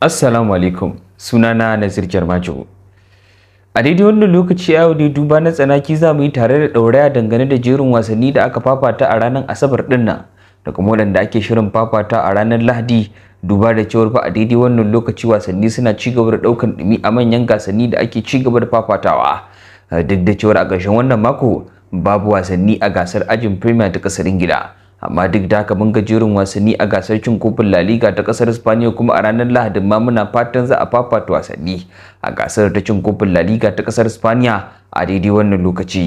Assalamu alaikum sunana Nazir Jarmajo. A daidai wannan lokaci yau ne duba na tsanaki za mu yi tare da ɗauraya dangane da jerin wasanni da aka fafata a ranar Asabar ɗin nan da kuma waɗanda ake shirin fafata a ranar Lahadi duba da cewar fa a daidai wannan lokaci wasanni suna ci gaba da ɗaukan ɗumi a manyan gasanni da ake ci gaba da fafatawa duk da cewar a ƙarshen wannan mako babu wasanni a gasar ajin Premier ta ƙasar Ingila. amma duk da haka mun ga jerin wasanni a gasar cin kofin La Liga ta kasar Spaniya kuma a ranar Lahadin ma muna fatan za a fafata wasanni a gasar ta cin kofin La Liga ta kasar Spaniya a daidai wannan lokaci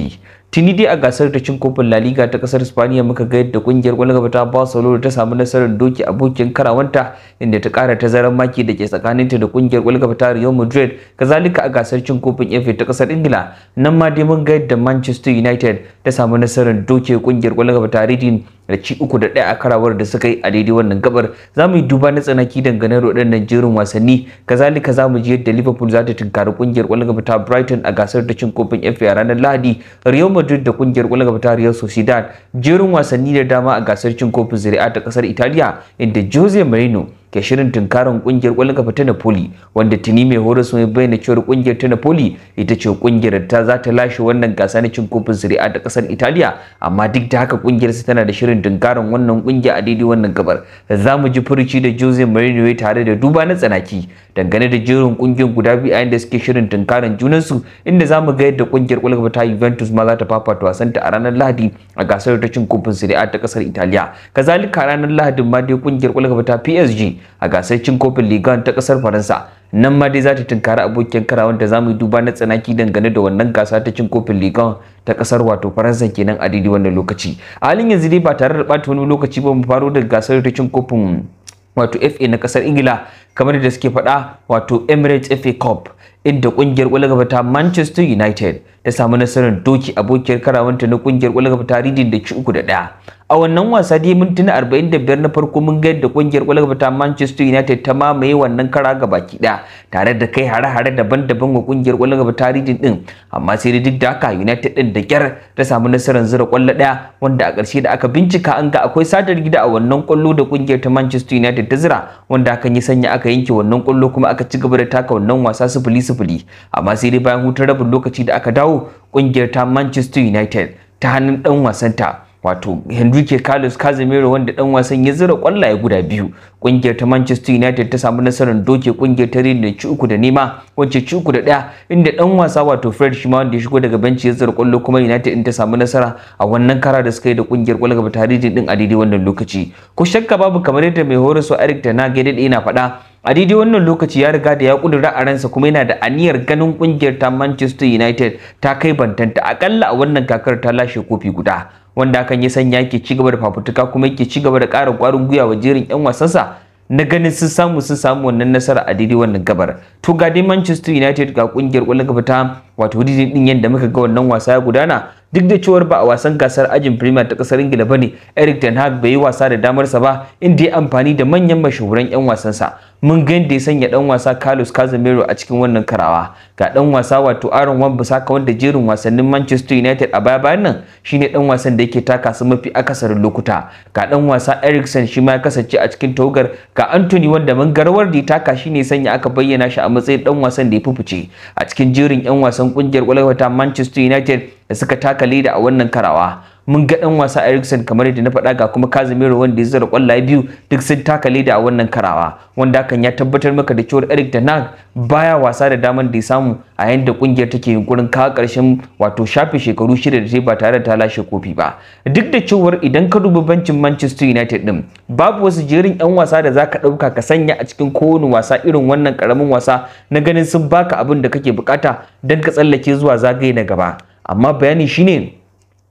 tuni dai a gasar ta cin kofin La Liga ta kasar Spaniya muka ga yadda kungiyar gaba ta Barcelona ta samu nasarar doki abokin karawanta inda ta kara tazarar maki da ke tsakaninta da kungiyar gaba ta Real Madrid kazalika a gasar cin kofin FA ta kasar Ingila nan ma dai mun ga yadda Manchester United ta samu nasarar doke kungiyar gaba ta Reading da ci uku da ɗaya a karawar da suka yi a daidai wannan gabar za mu yi duba na tsanaki dangane da waɗannan jerin wasanni kazalika za mu ji yadda liverpool za ta tunkari ƙungiyar ƙwallon gaba ta brighton a gasar da cin kofin fa ranar lahadi real madrid da ƙungiyar ƙwallon gaba ta real sociedad jerin wasanni da dama a gasar cin kofin zuri'a ta ƙasar italiya inda jose mourinho ke shirin tunkarin kungiyar kwallon kafa ta Napoli wanda tuni mai horas mai bayyana cewa kungiyar ta Napoli ita ce kungiyar ta za ta lashe wannan gasa na cin kofin Serie A da kasar Italiya amma duk da haka kungiyar su tana da shirin tunkarin wannan kungiya a daidai wannan gabar za mu ji furuci da Jose Mourinho tare da duba na tsanaki dangane da jerin kungiyar guda biyu a inda suke shirin tunkarin junansu inda za mu ga yadda kungiyar kwallon kafa ta Juventus ma za ta fafata ta a ranar Lahadi a gasar ta cin kofin Serie A ta kasar Italiya kazalika ranar Lahadin ma dai kungiyar kwallon kafa ta PSG a gasar cin kofin ligan ta kasar faransa nan ma dai za ta tunkari abokin karawan da za mu yi duba na tsanaki dangane da wannan gasa ta cin kofin ligan ta kasar wato faransa kenan a daidai wannan lokaci a halin yanzu dai ba tare da bata wani lokaci ba mu faro da gasar ta cin kofin wato FA na kasar Ingila kamar da suke faɗa wato Emirates FA Cup inda kungiyar gaba ta Manchester United ta samu nasarar doki abokiyar karawanta na kungiyar ƙwallon ta Reading da ci uku da ɗaya a wannan wasa dai mintuna arba'in da biyar na farko mun ga yadda kungiyar kwallon ta Manchester United ta mamaye wannan kara ga baki ɗaya, tare da kai hare-hare daban-daban wa kungiyar kwallon gaba ta din amma sai dai duk da haka United din da kyar ta samu nasarar zura kwallo ɗaya, wanda a ƙarshe da aka bincika an ga akwai sadar gida a wannan kwallo da kungiyar ta Manchester United ta zira wanda hakan ya sanya aka yanke wannan kwallo kuma aka ci gaba da taka wannan wasa sifili-sifili amma sai dai bayan hutun rabin lokaci da aka dawo kungiyar ta Manchester United ta hannun dan wasanta wato Henrique Carlos Casemiro wanda dan wasan ya zira kwallaye guda biyu kungiyar ta Manchester United ta samu nasarar doke kungiyar ta Real ci uku da nema wacce ci uku da daya inda dan wasa wato Fred Shima wanda ya shigo daga benci ya zira kwallo kuma United din ta samu nasara a wannan kara da suka yi da kungiyar kwallo gaba tarihin din a daidai wannan lokaci ko shakka babu kamar yadda mai horaswa Eric Ten Hag ya dade yana faɗa a daidai wannan lokaci ya riga da ya kudura a ransa kuma yana da aniyar ganin kungiyar ta Manchester United ta kai bantanta akalla a wannan kakar ta lashe kofi guda wanda hakan ya sanya yake ci gaba da fafutuka kuma yake ci gaba da ƙara ƙwarin gwiwa wa jerin 'yan wasansa na ganin sun samu sun samu wannan nasara a daidai wannan gabar to ga dai Manchester United ga kungiyar ƙwallon ta wato didin din yanda muka ga wannan wasa ya gudana duk da cewar ba a wasan gasar ajin Premier ta kasar Ingila bane Eric Ten Hag bai yi wasa da damarsa ba inda ya amfani da manyan mashahuran 'yan wasansa mun ga yadda ya sanya dan wasa Carlos Casemiro a cikin wannan karawa ga dan wasa wato Aaron Wan-Bissaka wanda jerin wasannin Manchester United a baya bayan nan shine dan wasan da yake taka su mafi akasarin lokuta ga dan wasa Eriksen shi ma ya kasance a cikin togar ga Anthony wanda mun garwar da ya taka shine sanya aka bayyana shi a matsayin dan wasan da ya fufuce, a cikin jerin 'yan wasan kungiyar kwalwata Manchester United da suka taka leda a wannan karawa mun ga dan wasa Eriksen kamar yadda na faɗa ga kuma Casemiro wanda ya zura kwallaye biyu duk sun taka leda a wannan karawa wanda hakan ya tabbatar maka da cewa Erik da Nag baya wasa da daman da ya samu a yanda kungiyar take yunkurin kawo ƙarshen wato shafe shekaru shida da ta ba tare da ta lashe kofi ba duk da cewar idan ka duba bancin Manchester United din babu wasu jerin yan wasa da zaka ɗauka ka sanya a cikin kowane wasa irin wannan karamin wasa na ganin sun baka abin da kake bukata dan ka tsallake zuwa zagaye na gaba amma bayani shine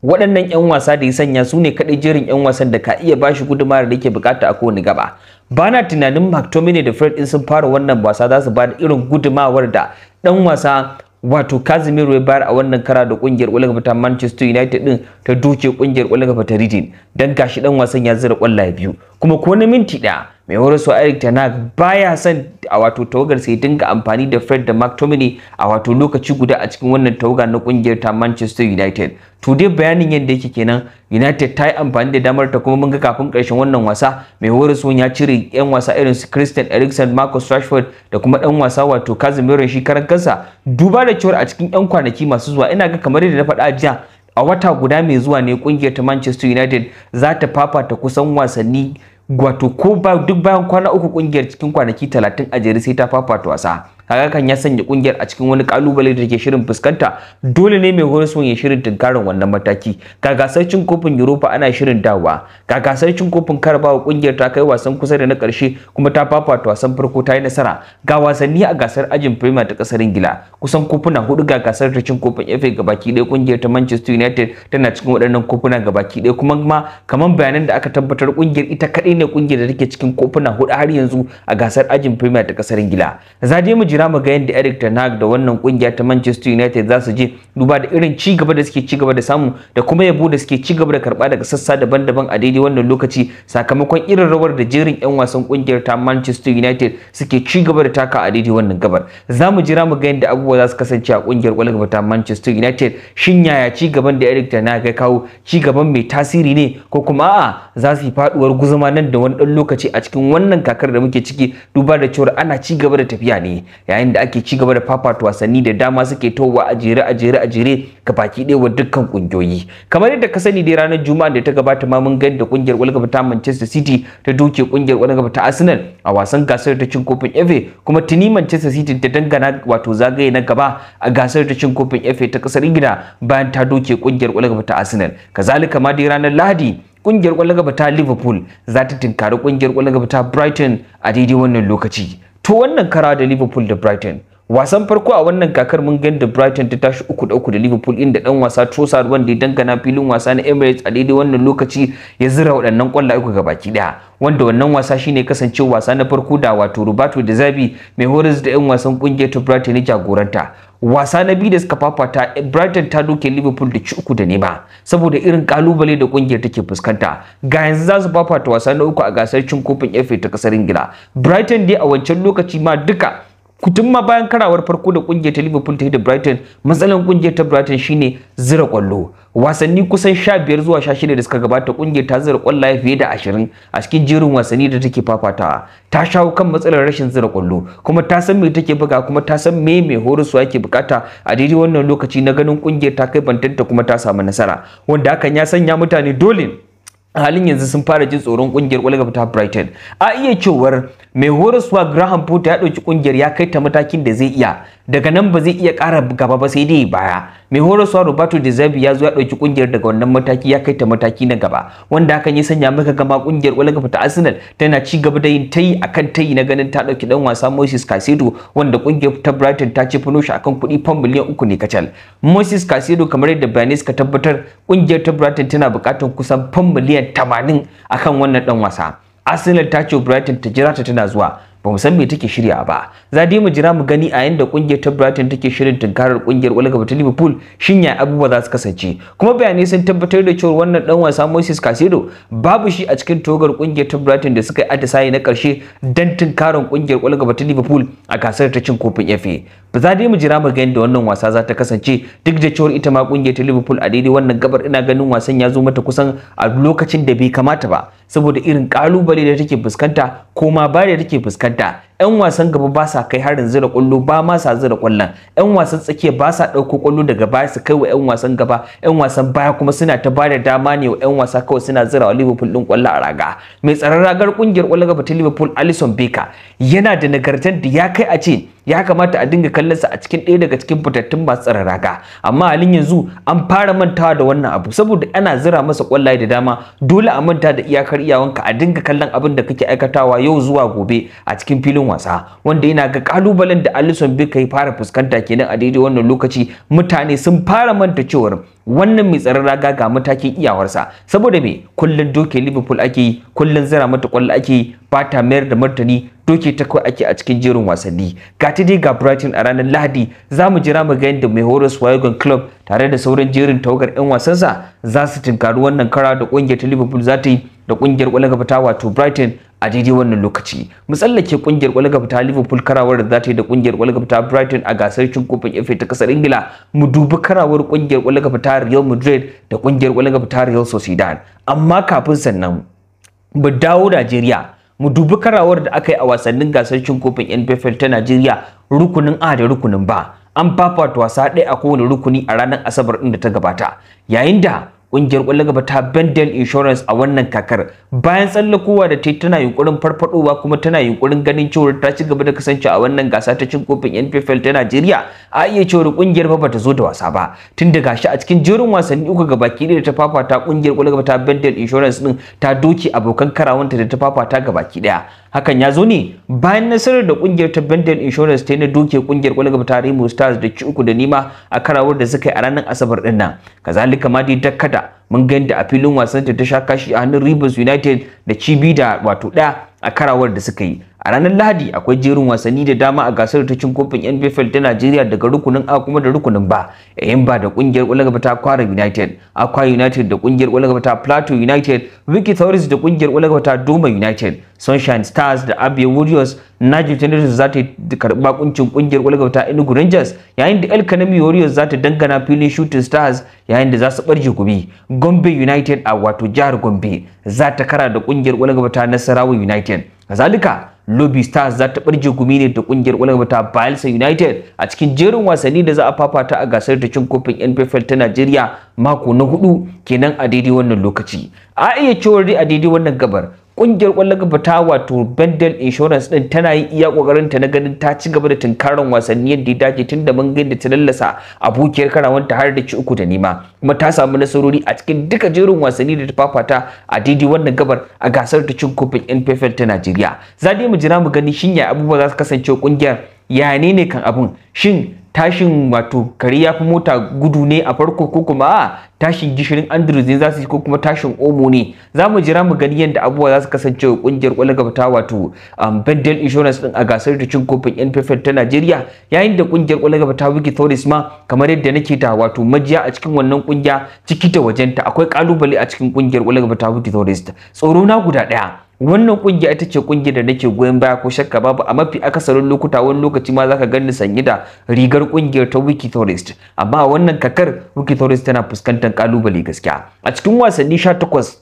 waɗannan 'yan wasa da ya sanya su ne kaɗai jerin 'yan wasan da ka iya bashi gudumar da yake bukata a kowane gaba ba na tunanin mctominay da fred in sun fara wannan wasa za su ba da irin gudumawar da ɗan wasa wato kazimiru ya bayar a wannan kara da ƙungiyar ƙwallon Manchester United din ta doke ƙungiyar ƙwallon kafa ta Reading don gashi ɗan wasan ya zira ƙwallaye biyu kuma ko na minti ɗaya mai so Eric Hag baya son a wato tawagar sai dinga amfani da Fred da McTominay a wato lokaci guda a cikin wannan tawaga na kungiyar ta Manchester United. To dai bayanin yadda yake kenan United ta yi amfani da damar ta kuma mun ga kafin karshen wannan wasa mai so ya cire yan wasa irin su Christian Eriksen, Marcus Rashford da kuma dan wasa wato Casemiro shi karan kansa. Duba da cewa a cikin yan kwanaki masu zuwa ina ga kamar yadda na faɗa jiya a wata guda mai zuwa ne kungiyar ta Manchester United za ta fafata kusan wasanni wato ko duk bayan kwana uku kungiyar cikin kwanaki talatin a jere sai ta fafata wasa kan ya sanya kungiyar a cikin wani kalubale da ke shirin fuskanta dole ne mai horaswan ya shirin tunkarin wannan mataki ga gasar cin kofin europa ana shirin dawa ga gasar cin kofin Carabao kungiyar ta kai wasan kusa da na karshe kuma ta fafata wasan farko ta yi nasara ga wasanni a gasar ajin prima ta kasar ingila kusan kofuna hudu ga gasar ta cin kofin fa gabaki ɗaya kungiyar ta manchester united tana cikin waɗannan kofuna gabaki ɗaya kuma ma kaman bayanan da aka tabbatar kungiyar ita kaɗai ne kungiyar da take cikin kofuna hudu har yanzu a gasar ajin prima ta kasar ingila za mu jira za mu ga yadda Eric Ten Hag da wannan kungiya ta Manchester United za su je duba da irin ci gaba da suke ci gaba da samu da kuma yabo da suke ci gaba da karba daga sassa daban-daban a daidai wannan lokaci sakamakon irin rawar da jerin 'yan wasan kungiyar ta Manchester United suke ci gaba da taka a daidai wannan gabar za mu jira mu ga yadda abubuwa za su kasance a kungiyar kwallon ta Manchester United shin yaya ci gaban da Eric Ten Hag ya kawo ci gaban mai tasiri ne ko kuma a'a za su yi faduwar guzuma nan da wani dan lokaci a cikin wannan kakar da muke ciki duba da cewa ana ci gaba da tafiya ne yayin da ake ci gaba da fafata wasanni da dama suke towa a jere a jere a jere ga baki ɗaya wa dukkan kungiyoyi kamar yadda ka sani dai ranar juma'a da ta gabata ma mun gani da kungiyar kwallon ta Manchester City ta doke kungiyar kwallon ta Arsenal a wasan gasar ta cin kofin FA kuma tuni Manchester City ta dangana wato zagaye na gaba a gasar ta cin kofin FA ta kasar Ingila bayan ta doke kungiyar kwallon ta Arsenal kazalika ma dai ranar Lahadi kungiyar kwallon bata ta Liverpool za ta tinkari kungiyar kwallon ta Brighton a daidai wannan lokaci to wannan kara da liverpool da brighton wasan farko a wannan kakar mun gan da brighton ta tashi uku da uku da liverpool inda dan wasa trossard wanda ya dangana filin wasa na emirates a daidai wannan lokaci ya zira waɗannan ƙwallaye uku gabaki daya wanda wannan wasa shine kasance wasa na farko da wato roberto da zabi mai horis da yan wasan kungiyar ta brighton ya jagoranta wasa na biyu da suka fafata Brighton ta doke Liverpool da ci uku da nema saboda irin kalubale da kungiyar take fuskanta ga yanzu za su fafata wasa na uku a gasar cin kofin FA ta kasar Ingila Brighton dai a wancan lokaci ma duka kutun ma bayan karawar farko da kungiyar ta Liverpool ta yi da Brighton matsalan kungiyar ta Brighton shine zira kwallo wasanni kusan sha biyar zuwa sha shida da suka gabata kungiyar ta zira kwallaye fiye da ashirin a cikin jerin wasanni da take fafatawa ta shawo kan matsalar rashin zira kwallo kuma ta san me take buga kuma ta san me mai horaswa yake bukata a daidai wannan lokaci na ganin kungiyar ta kai bantanta kuma ta samu nasara wanda hakan ya sanya mutane dole halin yanzu sun fara jin tsoron kungiyar kwallon ta Brighton a iya cewar mai horaswa Graham Potter ya ɗauki kungiyar ya kai ta matakin da zai iya daga nan ba zai iya ƙara gaba ba sai dai baya mai horaswa Roberto De Zerbi ya zo ya dauki kungiyar daga wannan mataki ya kai ta mataki na gaba wanda hakan ya sanya maka gama ƙungiyar gaba ta Arsenal tana ci gaba da yin tayi akan tayi na ganin ta dauki dan wasa Moses kasedo wanda ƙungiyar ta Brighton ta ce fano shi akan kuɗi fam miliyan uku ne kacal Moses kasedo kamar yadda bayanai suka tabbatar kungiyar ta Brighton tana buƙatar kusan fam miliyan 80 akan wannan dan wasa Arsenal ta ce Brighton ta jira ta tana zuwa ba mu san me take shirya ba za dai mu jira mu gani a yanda kungiyar ta Brighton take shirin tunkarar kungiyar Wolverhampton ta Liverpool shin ya abubuwa za su kasance kuma bayanai sun tabbatar da cewa wannan dan wasa Moses Caicedo babu shi a cikin togar kungiyar ta Brighton da suka yi atisaye na karshe dan tunkarar kungiyar Wolverhampton ta Liverpool a gasar ta cin kofin FA ba za dai mu jira mu gani da wannan wasa za ta kasance duk da cewa ita ma kungiyar ta Liverpool a daidai wannan gabar ina ganin wasan ya zo mata kusan a lokacin da bai kamata ba saboda irin kalubale da take fuskanta ko ma bare take fuskanta data 'yan wasan gaba ba sa kai harin zira kwallo ba ma sa zira kwallon 'yan wasan tsakiya ba sa ɗauko kwallo daga baya su kai wa 'yan wasan gaba 'yan wasan baya kuma suna ta bada dama ne wa 'yan wasa kawai suna zira wa liverpool ɗin kullu a raga mai tsaron ragar ƙungiyar kullu gaba ta liverpool Alisson Becker yana da nagartan da ya kai a ce ya kamata a dinga kallon sa a cikin ɗaya daga cikin fitattun masu tsaron raga amma halin yanzu an fara mantawa da wannan abu saboda ana zira masa kwallaye da dama dole a manta da iyakar iyawanka a dinga kallon abin da kake aikatawa yau zuwa gobe a cikin filin wasa wanda yana ga kalubalen da Alisson Becker ya fara fuskanta kenan a daidai wannan lokaci mutane sun fara manta cewar wannan mai tsaron raga ga matakin iyawarsa saboda me kullun doke Liverpool ake yi kullun zira mata kwallo ake yi ba ta mayar da martani doke ta kawai ake a cikin jerin wasanni ga ta dai ga Brighton a ranar Lahadi za mu jira mu ga yadda mai horas Wigan Club tare da sauran jerin tawagar 'yan wasansa za su tinkari wannan kara da ƙungiyar ta Liverpool za ta yi da kungiyar kwallon gaba wato Brighton a daidai wannan lokaci mu tsallake kungiyar kwallon gaba ta Liverpool karawar da za ta yi da kungiyar kwallon gaba ta Brighton a gasar cin kofin FA ta kasar Ingila mu dubi karawar kungiyar kwallon gaba ta Real Madrid da kungiyar kwallon gaba ta Real Sociedad amma kafin sannan mu dawo Najeriya mu dubi karawar da aka yi a wasannin gasar cin kofin NPFL ta Najeriya rukunin A da rukunin B an fafata wasa ɗaya a kowane rukuni a ranar Asabar ɗin da ta gabata yayin da kungiyar kwallon gaba ta Bendel Insurance a wannan kakar bayan tsallakowa da ta tana yunkurin farfadowa kuma tana yunkurin ganin cewa ta ci gaba da kasance a wannan gasa ta cin kofin NPFL ta Najeriya a iya cewa kungiyar ba ta zo da wasa ba tun da gashi a cikin jerin wasanni uku ga baki da ta fafata kungiyar kwallon gaba ta Bendel Insurance din ta doki abokan karawanta da ta fafata ga baki daya hakan ya zo ne bayan nasarar da kungiyar ta Bendel Insurance ta yi na doke kungiyar kwalgaba tare mu Stars da ci uku da nima a karawar da suka yi a ranar Asabar din nan kazalika ma dai dakkada mun ga yadda a filin wasan ta sha kashi a hannun Rivers United da cibi da wato ɗaya a karawar da suka yi a ranar lahadi akwai jerin wasanni da dama a gasar ta cin kofin nbfl ta najeriya daga rukunin a kuma da rukunin ba yayin ba da kungiyar kwallon ta kwara united akwa united da kungiyar kwallon ta plateau united wiki thoris da kungiyar kwallon ta doma united sunshine stars da abia warriors najib Tenders za ta karba kuncin kungiyar kwallon ta enugu rangers yayin da el kanami warriors za ta dangana filin shooting stars yayin da za su barje gobe. gombe united a wato jihar gombe za ta kara da kungiyar kwallon ta nasarawa united kazalika Lobby Stars za ta barje gumi ne da kungiyar ƙwallon ta Bayelsa United a cikin jerin wasanni da za a fafata a gasar ta cin kofin NFL ta Najeriya mako na hudu kenan a daidai wannan lokaci. A iya cewar dai a daidai wannan gabar kungiyar kwallon kafa ta wato Bendel Insurance din tana yi iya kokarin ta na ganin ta ci gaba da tunkarin wasanni yadda ya dace tun da mun da ta lallasa abokiyar karawan ta har da ci uku da nima kuma ta samu nasarori a cikin duka jerin wasanni da ta fafata a didi wannan gabar a gasar ta cin kofin NFL ta Najeriya za mu jira mu gani shin ya abubuwa za su kasance kungiyar ya ne kan abun shin tashin wato kare ya fi mota gudu ne a farko ko kuma tashin gishirin andrews ne za su yi ko kuma tashin omo ne za mu jira mu gani yadda abubuwa za su kasance wa kungiyar kwallon gaba ta wato um, bendel insurance din a gasar da cin kofin nff ta najeriya yayin da kungiyar kwallon gaba ta wiki thoris ma kamar yadda nake ta wato majiya a cikin wannan kungiya ciki da wajenta akwai kalubale a cikin kungiyar kwallon gaba ta wiki thoris tsoro na guda daya wannan kungiya ita ce kungiyar da nake goyon baya ko shakka babu a mafi akasarin lokuta wani lokaci ma zaka gani sanye da rigar kungiyar ta wiki tourist amma a wannan kakar wiki tourist tana fuskantar kalubale gaskiya a cikin wasanni 18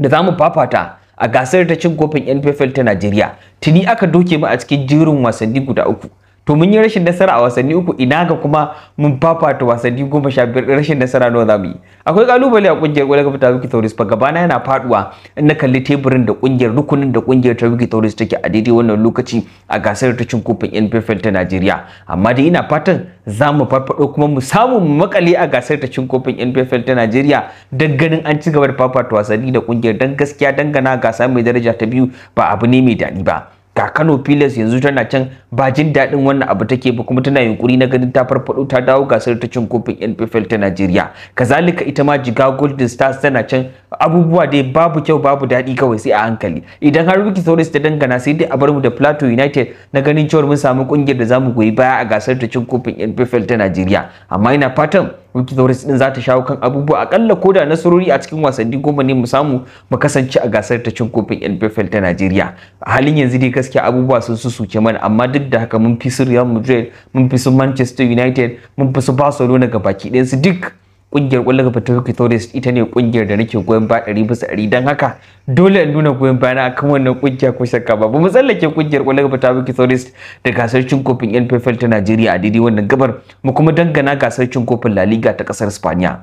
da zamu fafata a gasar ta cin kofin NFL ta Najeriya tuni aka doke mu a cikin jirin wasanni guda uku to mun yi rashin nasara a wasanni uku ina ga kuma mun fafata wasanni goma sha biyar rashin nasara nawa za mu yi akwai kalubale a kungiyar kwallon gaba ta wiki tauris ba gabana yana faduwa in na kalli teburin da kungiyar rukunin da kungiyar ta wiki tauris take a daidai wannan lokaci a gasar ta cin kofin npfl ta najeriya amma dai ina fatan za mu farfado kuma mu samu mu makale a gasar ta cin kofin npfl ta najeriya don ganin an ci gaba da fafata wasanni da kungiyar dan gaskiya dangana gasa mai daraja ta biyu ba abu ne mai daɗi ba ga Kano Pilas yanzu tana can ba jin daɗin wannan abu take ba kuma tana yunkuri na ganin ta farfado ta dawo gasar ta cin kofin NPFL ta Najeriya kazalika ita ma Jiga Golden Stars tana can abubuwa dai babu kyau babu daɗi kawai sai a hankali idan har Wiki Sauris ta dangana sai dai a bar mu da Plateau United na ganin cewa mun samu kungiyar da zamu goyi baya a gasar ta cin kofin NPFL ta Najeriya amma ina fatan Wiki Zauris din za ta shawo kan abubuwa akalla koda na nasarori a cikin wasanni goma ne mu samu mu kasance a gasar ta cin kofin NFL ta Najeriya. A halin yanzu dai gaskiya abubuwa sun susuce mana amma duk da haka mun fi su Real Madrid, mun fi su Manchester United, mun fi su Barcelona ga baki ɗayan su duk kungiyar kwallon kafa ta Tourist ita ne kungiyar da nake goyon ba ɗari bisa ɗari don haka dole an nuna goyon bayana akan wannan kungiya ko shakka ba mu tsallake kungiyar kwallon kafa ta tourist da gasar cin kofin NFL ta Najeriya a daidai wannan gabar mu kuma dangana gasar cin kofin La Liga ta ƙasar Spaniya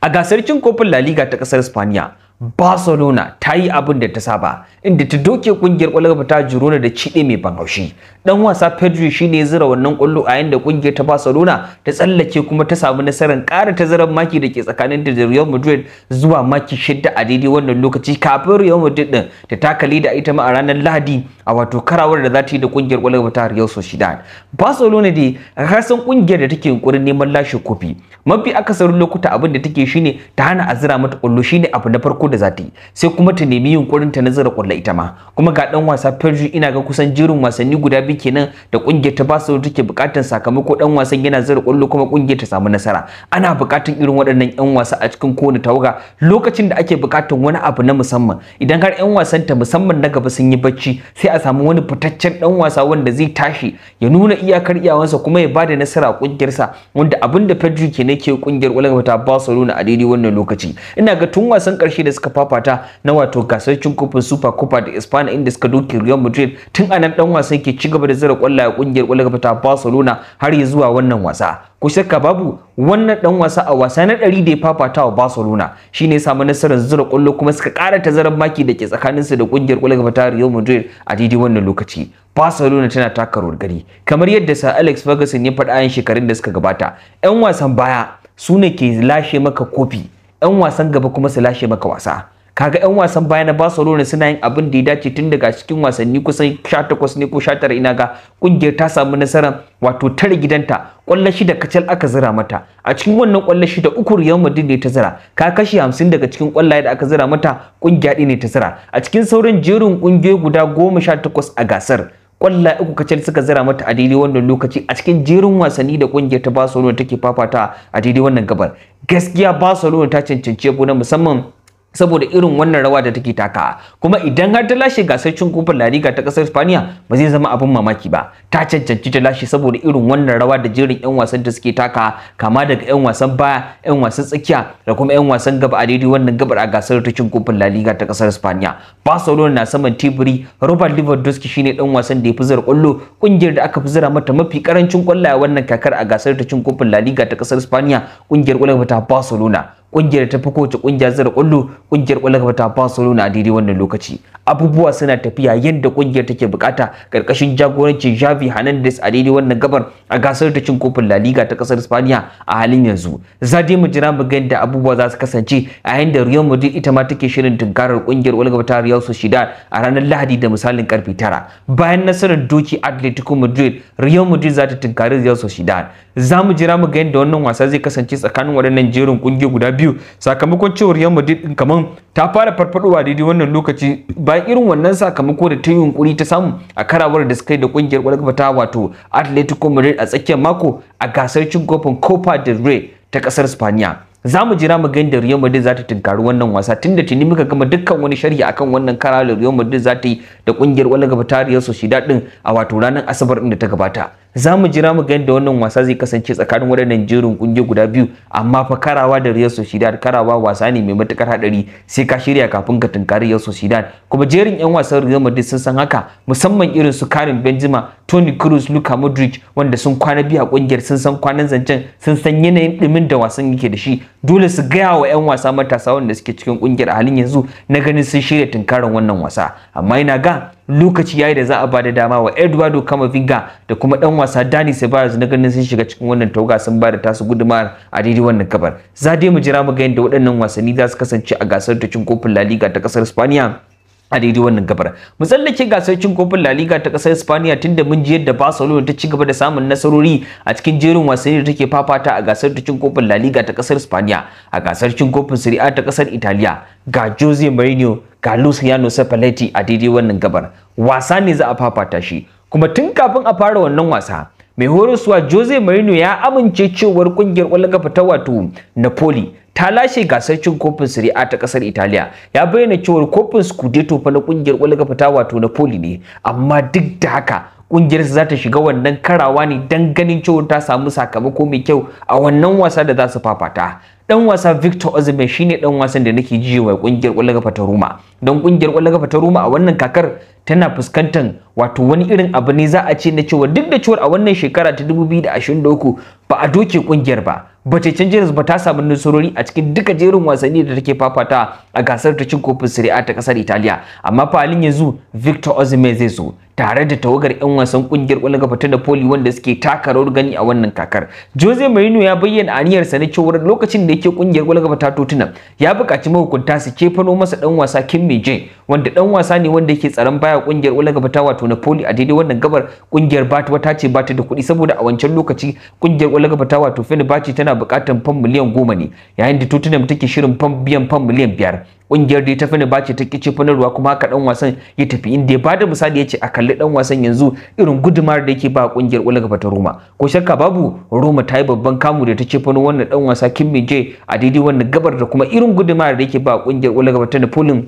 a gasar cin kofin La Liga ta ƙasar Spaniya Barcelona ta yi abin da ta saba inda ta doke kungiyar kwallon kafa ta Girona da cide mai ban haushi. Dan wasa Pedri shine zira wannan kwallo a yayin da kungiyar ta Barcelona ta tsallake kuma ta samu nasarar ƙara tazarar maki da ke tsakanin da Real Madrid zuwa maki shidda a daidai wannan lokaci kafin Real Madrid din ta takali da ita ma a ranar Lahadi a wato karawar da za ta yi da kungiyar kwallon kafa ta Real Sociedad. Barcelona dai rasan kasan kungiyar da take yunkurin neman lashe kofi mafi akasarin lokuta abin da take shine ta hana azira mata kullu shine abu na farko da zati sai kuma ta nemi yunkurin ta nazara kullu ita ma kuma ga dan wasa Perju ina ga kusan jirin wasanni guda biyu kenan da kungiyar ta Barcelona take bukatar sakamako dan wasan yana zira kullu kuma kungiyar ta samu nasara ana bukatar irin waɗannan yan wasa a cikin kowane tawaga lokacin da ake bukatar wani abu na musamman idan har yan wasan ta musamman na gaba sun yi bacci sai a samu wani fitaccen dan wasa wanda zai tashi ya nuna iyakar iyawansa kuma ya bada nasara kungiyarsa wanda abin da Perju kenan yake kungiyar Ulan ta Barcelona a daidai wannan lokaci ina ga tun wasan karshe da suka fafata na wato gasar cin kofin Super Copa da Spain inda suka doke Real Madrid tun anan dan wasan ke ci gaba da zira kwallaye kungiyar Ulan ta Barcelona har zuwa wannan wasa ku shakka babu wannan dan wasa a wasa na ɗari da ya fafata wa Barcelona shine samu nasarar zura kwallo kuma suka ƙara tazarar maki da ke tsakaninsu da kungiyar Ulan ta Real Madrid a daidai wannan lokaci Barcelona tana taka rawar gari kamar yadda Sir Alex Ferguson ya faɗa yan shekarun da suka gabata yan wasan baya su ne ke lashe maka kofi yan wasan gaba kuma su lashe maka wasa kaga yan wasan baya na Barcelona suna yin abin da ya dace tun daga cikin wasanni kusan 18 ne ko 19 ina ga kungiyar ta samu nasarar wato tare gidanta kwallon shida kacal aka zira mata a cikin wannan kwallon shida uku Real Madrid ne ta zira ka kashi 50 daga cikin kwallaye da aka zira mata kungiya ne ta zira a cikin sauran jerin kungiyoyi guda 18 a gasar kwalla uku ka kacal suka zira mata a wannan lokaci a cikin jerin wasanni da kungiyar ta Barcelona take fafata a wannan gabar gaskiya Barcelona ta cancance gona na musamman saboda irin wannan rawa da take taka kuma idan har ta lashe gasar cin kofin La Liga ta kasar Spaniya ba zai zama abin mamaki ba ta cancanci ta lashe saboda irin wannan rawa da jerin yan wasan da suke taka kama daga yan wasan baya yan wasan tsakiya da kuma yan wasan gaba a daidai wannan gabar a gasar ta cin kofin La Liga ta kasar Spaniya Barcelona na saman teburi Robert Lewandowski shine dan wasan da ya fi zira kwallo kungiyar da aka fi zara mata mafi karancin kwallaye wannan kakar a gasar ta cin kofin La Liga ta kasar Spaniya kungiyar kwallon ta Barcelona kungiyar ta fi kowace kungiya zira kullu kungiyar kwallon kafa ta Barcelona a daidai wannan lokaci abubuwa suna tafiya yadda kungiyar take bukata karkashin jagorancin Xavi Hernandez a daidai wannan gabar a gasar ta cin kofin La Liga ta kasar Spaniya a halin yanzu za dai mu jira mu ga yadda abubuwa za su kasance a yayin Real Madrid ita ma take shirin tunkarar kungiyar kwallon kafa ta Real Sociedad a ranar Lahadi da misalin karfe tara. bayan nasarar doki Atletico Madrid Real Madrid za ta tunkari Real Sociedad za mu jira mu ga yadda wannan wasa zai kasance tsakanin waɗannan jerin ƙungiyoyi guda biyu sakamakon cewar Real madrid din kaman ta fara farfadowa daidai wannan lokaci bayan irin wannan sakamako da ta yi yunkuri ta samu a karawar da suka yi da ƙungiyar ƙwallon ta wato Atletico Madrid a tsakiyar mako a gasar cin kofin Copa del Rey ta ƙasar Spaniya za mu jira mu ga da Real Madrid za ta tunkari wannan wasa tunda tuni muka gama dukkan wani sharhi akan wannan karawar da Real Madrid za ta yi da ƙungiyar wala gaba ta Real Sociedad din a wato ranar Asabar din da ta gabata za mu jira mu ga yadda wannan wasa zai kasance tsakanin waɗannan jerin kungiyar guda biyu amma fa karawa da Real Sociedad karawa wasa ne mai matukar hadari sai ka shirya kafin ka tunkari Real Sociedad kuma jerin yan wasan Real Madrid sun san haka musamman irin su Karim Benzema Toni Kroos Luka Modric wanda sun kwana biyu a kungiyar sun san kwanan zancen sun san yanayin dimin da wasan yake da shi dole su gaya wa yan wasa matasa wanda suke cikin kungiyar a halin yanzu na ganin sun shirya tunkarin wannan wasa amma ina ga lokaci yayi da za a bada dama wa Eduardo Camavinga da kuma dan wasa Dani Ceballos na ganin sun shiga cikin wannan tauga sun bada tasu gudumar a daidai wannan gabar za dai mu jira mu ga yadda waɗannan wasanni za su kasance a gasar ta cin kofin La Liga ta kasar Spaniya a daidai wannan gabar mu tsallake gasar cin kofin La Liga ta kasar Spaniya tunda mun ji yadda Barcelona ta ci gaba da samun nasarori a cikin jerin wasanni da take fafata a gasar ta cin kofin La Liga ta kasar Spaniya a gasar cin kofin Serie A ta kasar Italiya ga Jose Mourinho ga Luciano a daidai wannan gabar wasa ne za a fafata shi kuma tun kafin a fara wannan wasa mai horoswa Jose Mourinho ya amince cewar kungiyar kwallon kafa wato Napoli ta lashe gasar cin kofin Serie A ta kasar Italiya ya bayyana cewar kofin Scudetto fa na kungiyar kwallon kafa ta wato Napoli ne amma duk da haka ƙungiyarsa za ta shiga wannan karawa ne don ganin cewa ta samu sakamako mai kyau a wannan wasa da za su fafata dan wasa Victor Osimhen shine dan wasan da nake ji wa kungiyar ƙwallon kafa ta Roma don kungiyar ƙwallon kafa ta Roma a wannan kakar tana fuskantar wato wani irin abu ne za a ce na cewa duk da cewa a wannan shekara ta 2023 ba a doke kungiyar ba Bataccen James ba ta samu nasarori a cikin duka jerin wasanni da take fafata a gasar ta cin kofin Serie A ta kasar Italiya. Amma fa halin yanzu Victor Osimhen zai zo tare da tawagar 'yan wasan kungiyar ƙwallon kafa ta Napoli wanda suke taka rawar gani a wannan kakar. Jose Mourinho ya bayyana aniyar sa na cewa lokacin da yake kungiyar ƙwallon kafa ta Tottenham ya buƙaci mahukunta su kefano masa dan wasa Kim Meje wanda dan wasa ne wanda yake tsaron baya kungiyar ƙwallon kafa ta wato Napoli a daidai wannan gabar kungiyar ba ta ce ba ta da kuɗi saboda a wancan lokaci kungiyar ƙwallon kafa ta wato Fenerbahce tana buƙatar fam miliyan goma ne yayin da Tottenham take shirin fam biyan fam miliyan biyar ƙungiyar da ta fini bace ta kici fanarwa kuma haka dan wasan ya tafi inda ya bada misali yace a kalli dan wasan yanzu irin gudumar da yake ba kungiyar ulaga ta Roma ko shakka babu Roma ta yi babban kamu da ta ce fano wannan dan wasa Kim je a daidai wannan gabar da kuma irin gudumar da yake ba ƙungiyar ulaga ta Napoli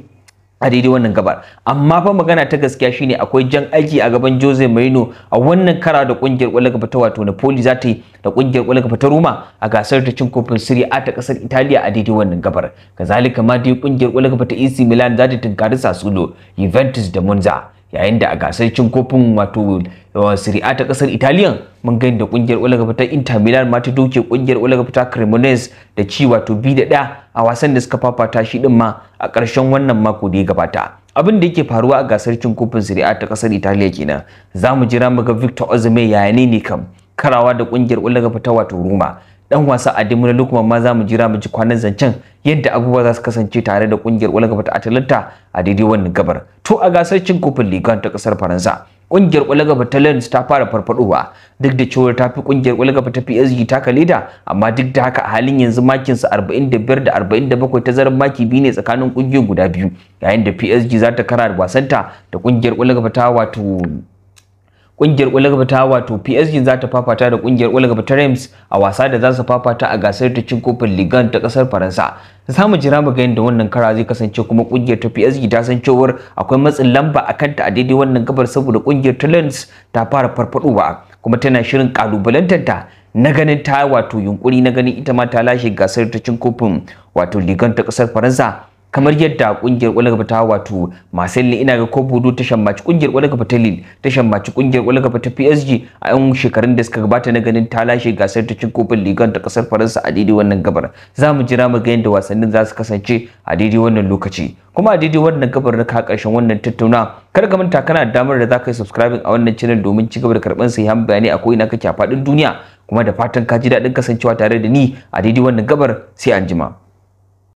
a daidai wannan gabar amma fa magana ta gaskiya shine akwai jan aiki a gaban Jose Mourinho a wannan kara da kungiyar kwallon gaba ta wato Napoli za ta yi da kungiyar kwallon gaba ta Roma a gasar ta cin kofin Serie A ta kasar Italiya a daidai wannan gabar kazalika ma dai kungiyar kwallon gaba ta AC Milan za ta tunkari Sassuolo Juventus da Monza yayin da a gasar cin kofin wato eh, Serie A ta kasar Italian mun gani da kungiyar Ola ta Inter Milan ma ta doke kungiyar Ola ta Cremonese da ci wato bi da ɗaya a wasan da suka fafata shi din ma a ƙarshen wannan mako da ya gabata abin da yake faruwa a gasar cin kofin Serie ta kasar italiya kenan zamu jira mu ga Victor Osimhen yayane ne kam karawa da kungiyar Ola ta wato Roma dan wasa a Ademuna Lukman ma za mu jira mu ji kwanan zancen yadda abubuwa za su kasance tare da kungiyar ƙwallon ta Atalanta a daidai wannan gabar. To a gasar cin kofin Ligan ta kasar Faransa, kungiyar ƙwallon ta Lens ta fara farfadowa duk da cewa ta fi kungiyar ƙwallon ta PSG taka leda amma duk da haka a halin yanzu makin su 45 da 47 ta zarar maki biyu ne tsakanin kungiyoyin guda biyu yayin da PSG za ta kara wasanta da kungiyar ƙwallon ta wato kungiyar ta wato PSG za ta fafata da kungiyar ulagabta Reims a wasa da za su fafata a gasar ta cin kofin 1 ta kasar Faransa. Za mu jira mu ga yadda wannan kara zai kasance kuma kungiyar ta PSG ta san cewar akwai matsin lamba a kanta a daidai wannan gabar saboda kungiyar ta Lens ta fara farfadowa kuma tana shirin kalubalantar ta na ganin ta wato yunkuri na ganin ita ma ta lashe gasar ta cin kofin wato 1 ta kasar Faransa kamar yadda kungiyar kwallon gaba ta wato Marseille ina ga Kobodo ta shambaci kungiyar kwallon gaba ta Lille ta shambaci kungiyar kwallon gaba ta PSG a yan shekarun da suka gabata na ganin ta lashe gasar ta cin kofin Ligue ta kasar Faransa a daidai wannan gabar za mu jira mu ga yadda wasannin za su kasance a daidai wannan lokaci kuma a daidai wannan gabar na ka karshen wannan tattauna kar ka manta kana damar da za ka yi subscribing a wannan channel domin ci gaba da karɓar sahihan bayanai a ko'ina kake a faɗin duniya kuma da fatan ka ji daɗin kasancewa tare da ni a daidai wannan gabar sai anjima.